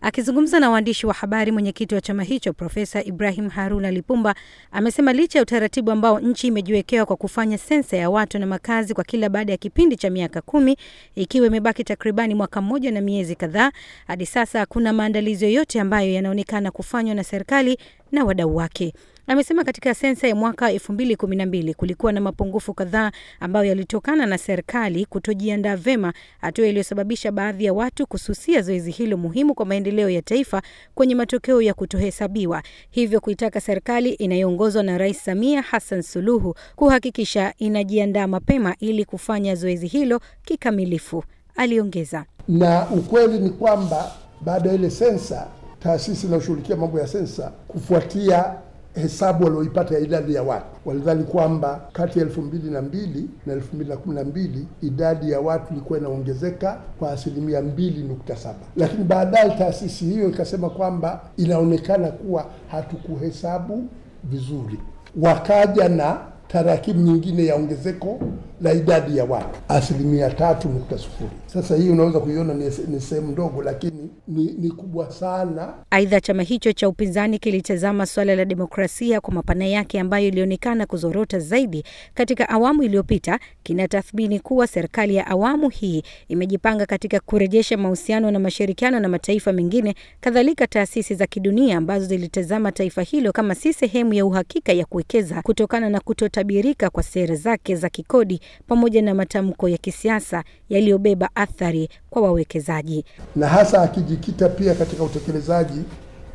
Akizungumza na waandishi wa habari, mwenyekiti wa chama hicho Profesa Ibrahim Haruna Lipumba amesema licha ya utaratibu ambao nchi imejiwekewa kwa kufanya sensa ya watu na makazi kwa kila baada ya kipindi cha miaka kumi, ikiwa imebaki takribani mwaka mmoja na miezi kadhaa, hadi sasa hakuna maandalizi yoyote ambayo yanaonekana kufanywa na serikali na wadau wake amesema katika sensa ya mwaka 2012 kulikuwa na mapungufu kadhaa ambayo yalitokana na serikali kutojiandaa vema, hatua iliyosababisha baadhi ya watu kususia zoezi hilo muhimu kwa maendeleo ya taifa kwenye matokeo ya kutohesabiwa, hivyo kuitaka serikali inayoongozwa na Rais Samia Hassan Suluhu kuhakikisha inajiandaa mapema ili kufanya zoezi hilo kikamilifu, aliongeza. Na ukweli ni kwamba baada ya ile sensa, taasisi inayoshughulikia mambo ya sensa kufuatia hesabu walioipata ya idadi ya watu. Walidhani kwamba kati ya elfu mbili na mbili na elfu mbili na kumi na mbili idadi ya watu ilikuwa inaongezeka kwa asilimia mbili nukta saba lakini baadaye taasisi hiyo ikasema kwamba inaonekana kuwa hatukuhesabu vizuri. Wakaja na tarakimu nyingine ya ongezeko la idadi ya watu asilimia tatu nukta sufuri. Sasa hii unaweza kuiona ni sehemu ndogo, lakini ni, ni kubwa sana. Aidha, chama hicho cha upinzani kilitazama suala la demokrasia kwa mapana yake ambayo ilionekana kuzorota zaidi katika awamu iliyopita. Kinatathmini kuwa serikali ya awamu hii imejipanga katika kurejesha mahusiano na mashirikiano na mataifa mengine, kadhalika taasisi za kidunia ambazo zilitazama taifa hilo kama si sehemu ya uhakika ya kuwekeza kutokana na kutotabirika kwa sera zake za kikodi pamoja na matamko ya kisiasa yaliyobeba athari kwa wawekezaji, na hasa akijikita pia katika utekelezaji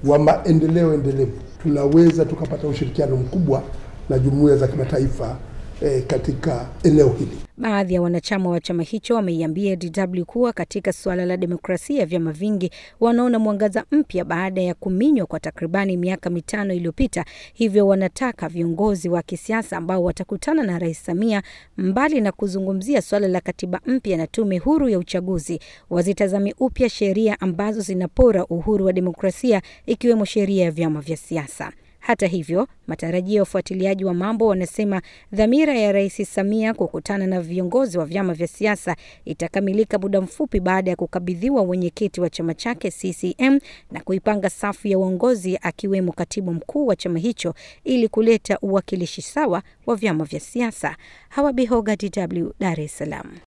wa maendeleo endelevu, tunaweza tukapata ushirikiano mkubwa na jumuiya za kimataifa eh, katika eneo hili. Baadhi ya wanachama wa chama hicho wameiambia DW kuwa katika suala la demokrasia ya vyama vingi wanaona mwangaza mpya baada ya kuminywa kwa takribani miaka mitano iliyopita. Hivyo wanataka viongozi wa kisiasa ambao watakutana na Rais Samia, mbali na kuzungumzia suala la katiba mpya na tume huru ya uchaguzi, wazitazame upya sheria ambazo zinapora uhuru wa demokrasia, ikiwemo sheria ya vyama vya siasa. Hata hivyo, matarajio ya ufuatiliaji wa mambo wanasema dhamira ya Rais Samia kukutana na viongozi wa vyama vya siasa itakamilika muda mfupi baada ya kukabidhiwa wenyekiti wa chama chake CCM na kuipanga safu ya uongozi akiwemo katibu mkuu wa chama hicho ili kuleta uwakilishi sawa wa vyama vya siasa. Hawa Bihoga, DW, Dar es Salaam.